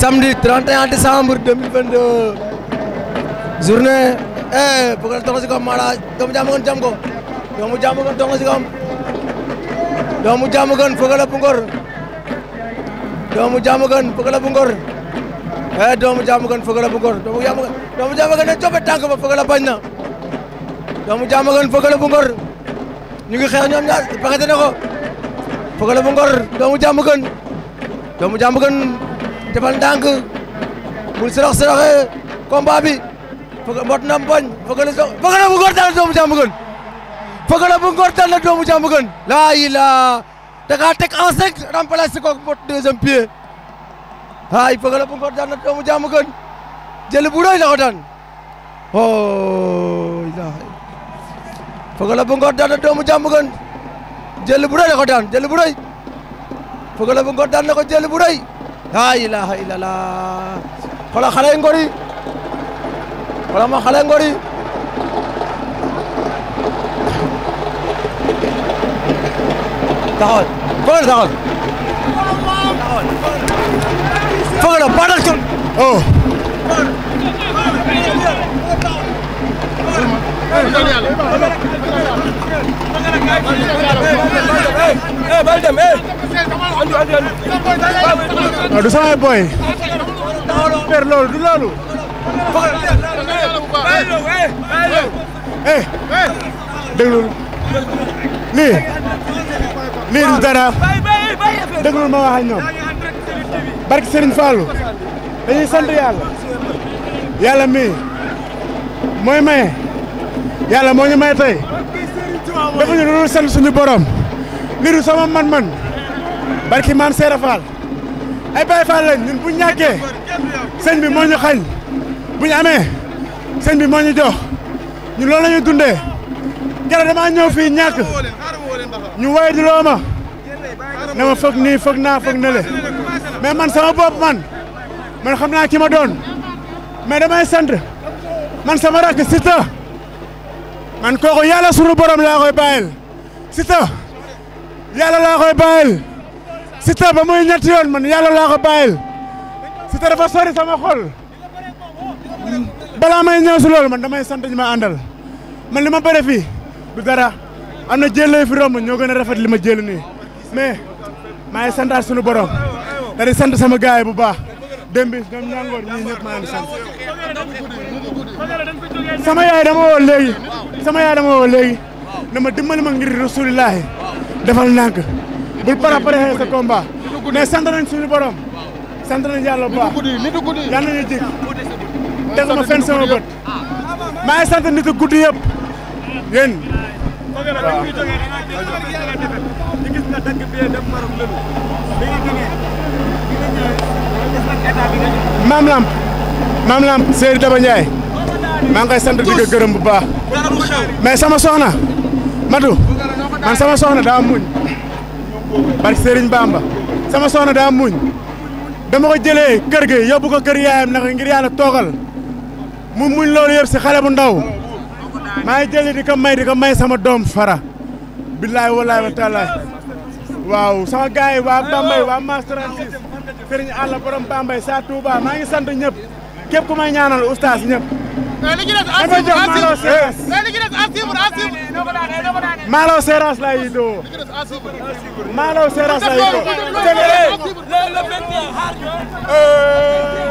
samedi 31 décembre 2022 journée eh bugal tongo si kom mara doomu jaamu gën jam ko doomu jaamu gën tongo si kom doomu jaamu gën bugal a bungor doomu jaamu gën bugal a bungor eh doomu jaamu gën bugal a bungor doomu jaamu gën doomu jaamu gën ne coppe tànk ba bugal a bañ na doomu jaamu gën bugal a bungor ñu ngi xeex ñoom ñaar paxate na ko bugal a bungor doomu jaamu gën doomu jaamu gën defal ndànk bul sarax saraxee combat bi foog mbot na mboñ foog bu ngor dal doomu jàmm gën foog bu ngor dal doomu jàmm gën laa ilaa da kaa teg mbot deuxième pied ay foog bu ngor dal doomu jàmm gën jël bu rëy la ko daan bu ngor dal doomu jàmm gën jël bu rëy la ko daan bu ngor dal na ko laa ilaaha illallah xoolal xale yi ngor yi xoolal ma xale ngor yi taxawal foog na taxawal foog na baal na oh. eh bal dem eh. andu loolu du loolu. eh lii lii du dara déglul ma wax ak ñoom barki Serigne Fallou dañuy sant yàlla yàlla mi mooy maye yàlla moo ñu may suñu borom mbiru sama man-man barki maam Seera Fall ay Baay Fall lañ ñun bu ñàkkee sëñ bi moo ñu xañ bu ñu amee bi moo ñu ñun loolu la ñuy dundee keroog damaa fii ñàkk ñu woy di loo ma ne ma foog nii foog naa foog na le man sama bopp man man xam naa ki ma doon mais damay sant man sama rakk Siteu man kooku yàlla sunu borom laa koy bàyyil Siteu yàlla laa koy bàyyil Siteu ba muy ñetti yoon man yàlla laa ko bàyyil Siteu dafa sori sama xol balaa may ñëw loolu man damay sant ñu ma àndal man li ma bëre fii du dara am na jëllay fi romb ñoo gën a rafet li ma jël nii mais maa ngi santaat suñu borom da di sant sama gaay bu baax démb bi ñoom ñangoor ñii ñëpp maa sama yaay dama woo léegi sama yaay dama woo léegi na ma dimbali ma ngir rasulillahi defal nànk bul préparer sa combat mais sant nañ suñu borom sant nañ yàlla bu baax yal nañu jig teguma fenn sama bët maa ngi sant nit guddi yëpp yéen waaw maam lamp maam lamp Seydou Daba Ndiaye maa ngi koy sant di ko gërëm bu baax mais sama soxna Madou man sama soxna daa muñ barke Serigne Bamba sama soxna daa muñ dama ko jëlee kër gi yobu ko kër yaayam naka ngir yàlla toogal mu muñ loolu yëpp si xale bu ndaw maa ngi jëli di ko may di ko may sama doom fara billaay wallaay wa taalaay waaw sama gars yi waa Bambey waa Mass 36 Serigne Alla borom Bambey saa Touba maa ngi sant ñëpp képp ku may ñaanal oustaz ñëpp mais eh, li ci des à la yi doo. Malo eh, doo.